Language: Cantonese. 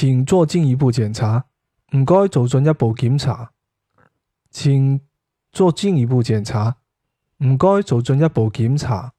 請做進一步檢查，唔該做進一步檢查。請做進一步檢查，唔該做進一步檢查。